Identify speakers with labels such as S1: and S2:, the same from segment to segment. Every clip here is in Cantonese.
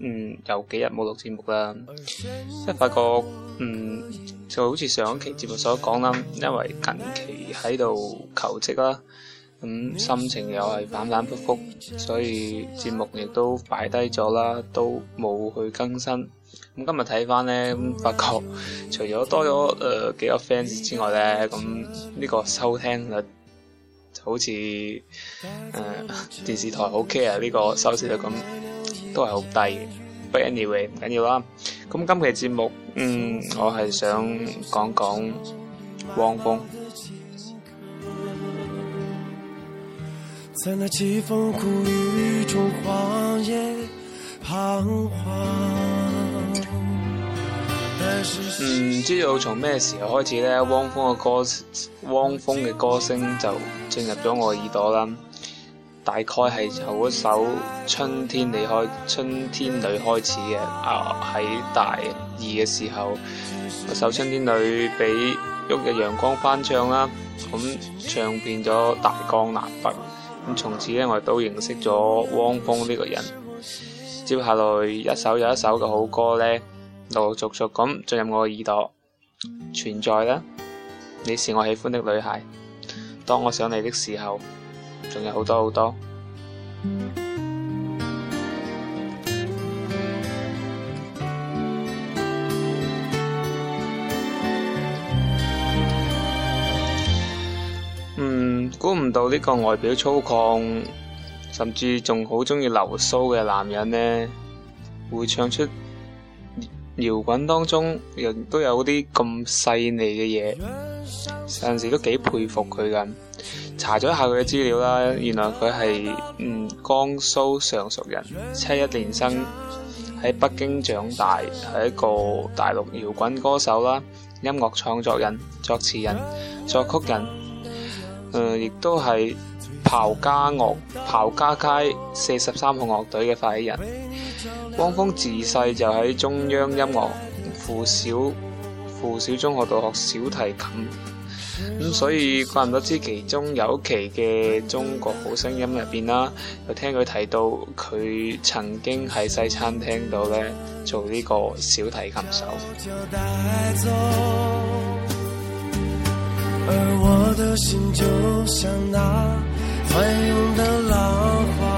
S1: 嗯，有幾日冇錄節目啦，即係發覺嗯，嗯就好似上一期節目所講啦，因為近期喺度求職啦，咁、嗯、心情又係反反復復，所以節目亦都擺低咗啦，都冇去更新。咁、嗯、今日睇翻，咧，咁發覺除咗多咗誒、呃、幾個 fans 之外咧，咁、嗯、呢、呢個收聽率，好似誒、呃、電視台 OK 啊，呢、這個收視率咁，都係好低，嘅、anyway, 啊。But anyway 唔緊要啦。咁今期節目，嗯，我係想講講汪峰。 唔、嗯、知道從咩時候開始咧，汪峰嘅歌，汪峰嘅歌聲就進入咗我耳朵啦。大概係由一首春離《春天離開春天裏》開始嘅，啊，喺大二嘅時候，首《春天裏》俾旭日陽光翻唱啦，咁唱變咗大江南北，咁從此咧，我亦都認識咗汪峰呢個人。接下來一首又一首嘅好歌咧。陸陸續續咁進入我耳朵，存在啦。你是我喜歡的女孩。當我想你的時候，仲有好多好多。 嗯，估唔到呢個外表粗獷，甚至仲好鍾意留鬚嘅男人呢，會唱出。搖滾當中，人都有啲咁細膩嘅嘢，有陣時都幾佩服佢咁。查咗一下佢嘅資料啦，原來佢係嗯，江蘇常熟人，七一年生，喺北京長大，係一個大陸搖滾歌手啦，音樂創作人、作詞人、作曲人，誒、呃，亦都係鮑家樂鮑家街四十三號樂隊嘅發起人。汪峰自細就喺中央音樂附小附小中學度學小提琴，咁所以怪唔得知其中有期嘅《中國好聲音》入邊啦，又聽佢提到佢曾經喺西餐廳度咧做呢個小提琴手。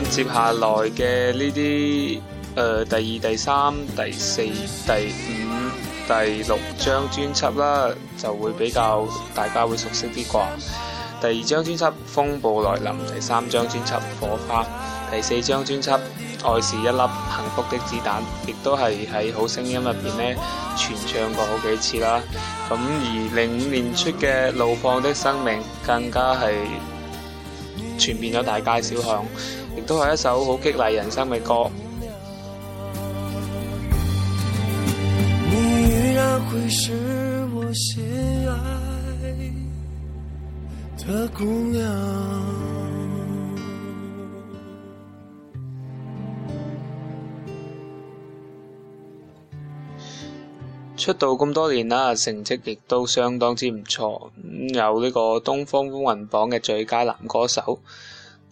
S2: 咁
S1: 接下來嘅呢啲，誒、呃，第二、第三、第四、第五、第六張專輯啦，就會比較大家會熟悉啲啩。第二張專輯《風暴來臨》，第三張專輯《火花》，第四張專輯《愛是一粒幸福的子彈》，亦都係喺《好聲音》入邊呢傳唱過好幾次啦。咁而零五年出嘅《怒放的生命》，更加係。傳遍咗大街小巷，亦都係一首好激勵人生
S2: 嘅歌。
S1: 出道咁多年啦，成績亦都相當之唔錯，有呢個東方風雲榜嘅最佳男歌手、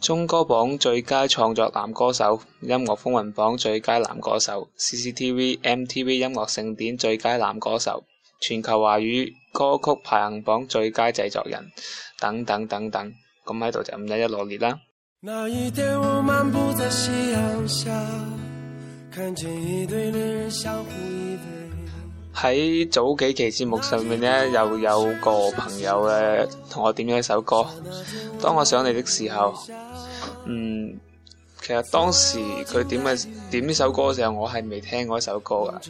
S1: 中歌榜最佳創作男歌手、音樂風雲榜最佳男歌手、CCTV MTV 音樂盛典最佳男歌手、全球華語歌曲排行榜最佳製作人等等等等，咁喺度就唔
S2: 一一羅列啦。
S1: 喺早幾期節目上面咧，又有個朋友嘅同我點咗一首歌，當我想你的時候，嗯，其實當時佢點嘅點呢首歌嘅時候，我係未聽過一首歌噶。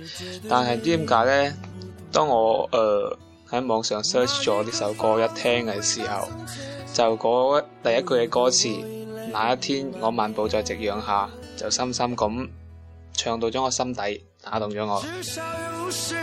S1: 但係點解咧？當我誒喺、呃、網上 search 咗呢首歌一聽嘅時候，就嗰第一句嘅歌詞，那一天我漫步在夕陽下，就深深咁唱到咗我心底，打動咗我。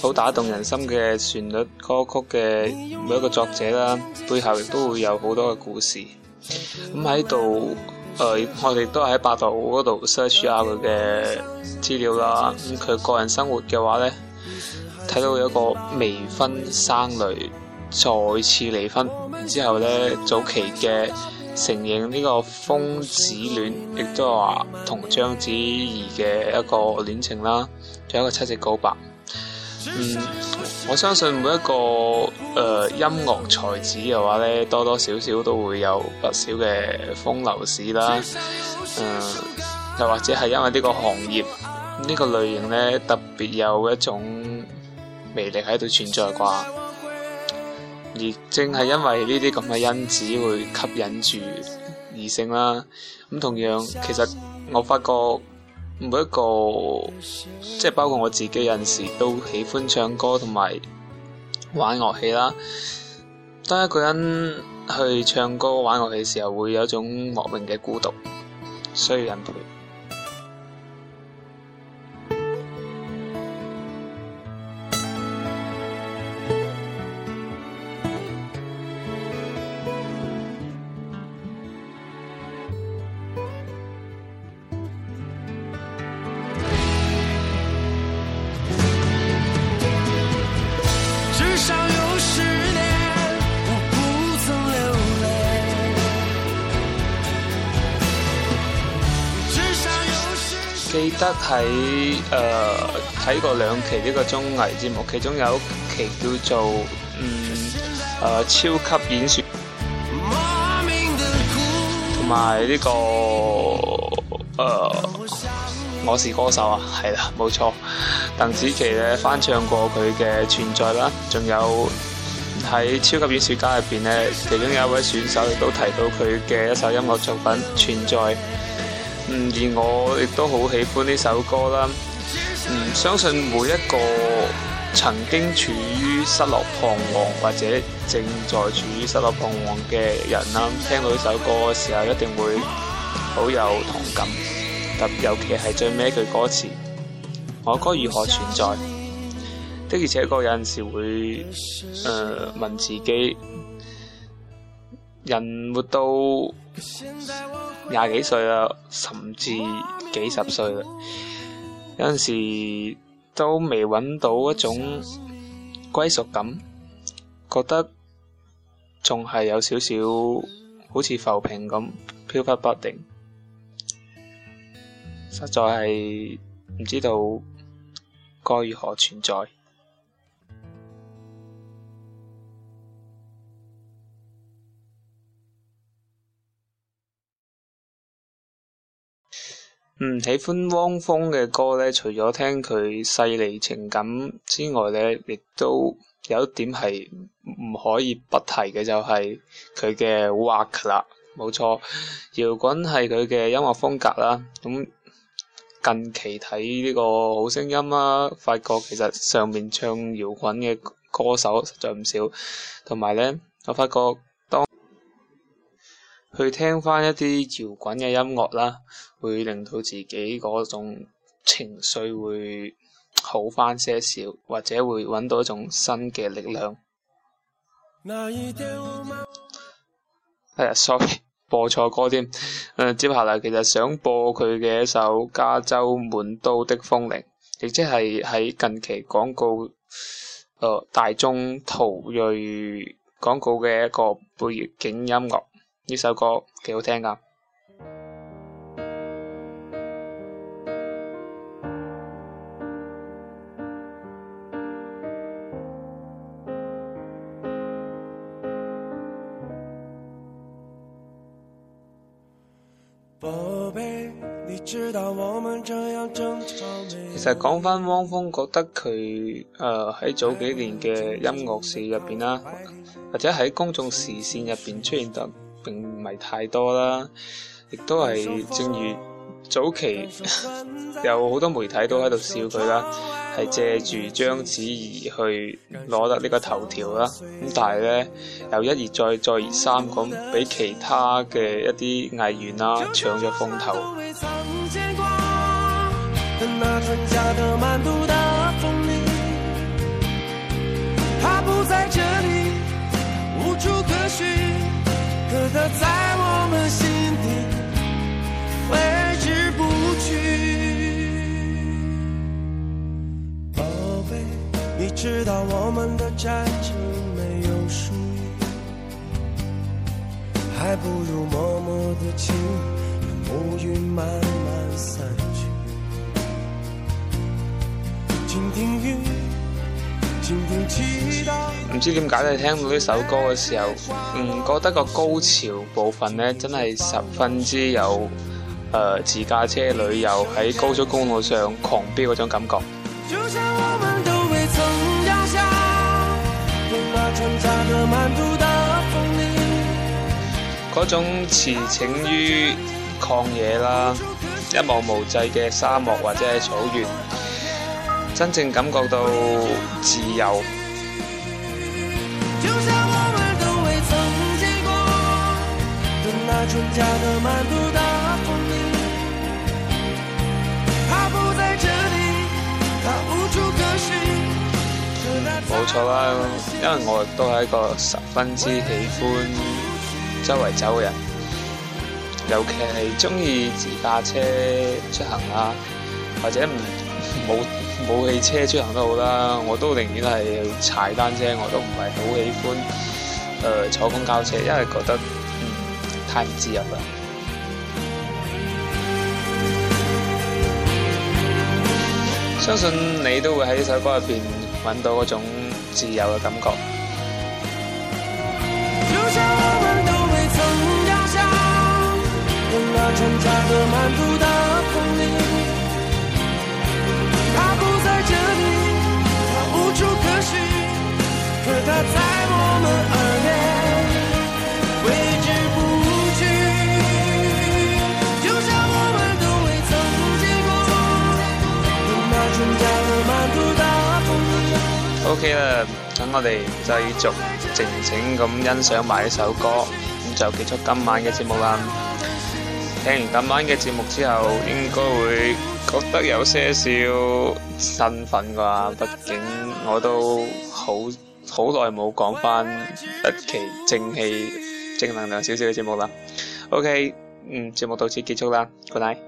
S1: 好打動人心嘅旋律歌曲嘅每一個作者啦，背後亦都會有好多嘅故事。咁喺度，誒、呃，我哋都喺百度嗰度 search 下佢嘅資料啦。咁佢個人生活嘅話咧，睇到有一個未婚生女，再次離婚，然之後咧早期嘅承認呢個瘋子戀，亦都話同章子怡嘅一個戀情啦，仲有一個七夕告白。嗯，我相信每一個誒、呃、音樂才子嘅話咧，多多少少都會有不少嘅風流史啦。誒、呃，又或者係因為呢個行業呢、呢個類型咧，特別有一種魅力喺度存在啩。而正係因為呢啲咁嘅因子會吸引住異性啦。咁同樣，其實我發覺。每一個即係包括我自己，有陣時都喜歡唱歌同埋玩樂器啦。當一個人去唱歌玩樂器嘅時候，會有一種莫名嘅孤獨，需要人陪。記得喺誒睇過兩期呢個綜藝節目，其中有一期叫做嗯誒、呃《超級演說》
S2: 呢個，
S1: 同埋呢個誒《我是歌手》啊，係啦，冇錯，鄧紫棋咧翻唱過佢嘅《存在》啦，仲有喺《超級演說家》入邊咧，其中有一位選手亦都提到佢嘅一首音樂作品《存在》。嗯，而我亦都好喜歡呢首歌啦。嗯，相信每一個曾經處於失落彷徨或者正在處於失落彷徨嘅人啦，聽到呢首歌嘅時候，一定會好有同感。特尤其係最尾一句歌詞，我該如何存在？的而且確有陣時會，誒、呃，問自己，人活到。廿幾歲啦，甚至幾十歲啦，有陣時都未搵到一種歸屬感，覺得仲係有少少好似浮萍咁飄忽不定，實在係唔知道該如何存在。唔喜歡汪峰嘅歌咧，除咗聽佢細膩情感之外咧，亦都有一點係唔可以不提嘅，就係、是、佢嘅 work 啦，冇錯，搖滾係佢嘅音樂風格啦。咁近期睇呢個好聲音啦，發覺其實上面唱搖滾嘅歌手實在唔少，同埋咧，我發覺。去聽翻一啲搖滾嘅音樂啦，會令到自己嗰種情緒會好翻些少，或者會揾到一種新嘅力量。
S2: 係啊、
S1: 哎、sorry 播錯歌添。誒、嗯，接下嚟其實想播佢嘅一首《加州滿都的風鈴》，亦即係喺近期廣告誒、呃、大眾途銳廣告嘅一個背景音樂。呢首
S2: 歌幾好聽㗎。其
S1: 實講返汪峰，覺得佢誒喺早幾年嘅音樂史入邊啦，或者喺公眾視線入邊出現得。並唔係太多啦，亦都係正如早期 有好多媒體都喺度笑佢啦，係借住章子怡去攞得呢個頭條啦。咁但係咧，由一而再，再而三咁俾其他嘅一啲藝員啦搶咗風頭。
S2: 可它在我們心底揮之不去，寶貝，你知道我們的戰爭沒有輸贏，還不如默默的親，讓烏雲慢慢散去，傾聽雨。
S1: 唔、嗯、知點解你聽到呢首歌嘅時候，唔、嗯、覺得個高潮部分呢真係十分之有誒、呃，自駕車旅遊喺高速公路上狂飆嗰種感覺。嗰種馳騁於曠野啦，一望無際嘅沙漠或者係草原。真正感覺到自由、
S2: 嗯。
S1: 冇錯啦，因為我都係一個十分之喜歡周圍走嘅人，尤其係鍾意自駕車出行啊，或者唔冇。冇汽車出行都好啦，我都寧願係踩單車，我都唔係好喜歡，誒、呃、坐公交車，因為覺得、嗯、太唔自由啦。 相信你都會喺呢首歌入邊揾到嗰種自由嘅感覺。等我哋繼續靜靜咁欣賞埋呢首歌，咁就結束今晚嘅節目啦。聽完今晚嘅節目之後，應該會覺得有些少身份啩。畢竟我都好好耐冇講翻一期正氣、正能量少少嘅節目啦。OK，嗯，節目到此結束啦，good night。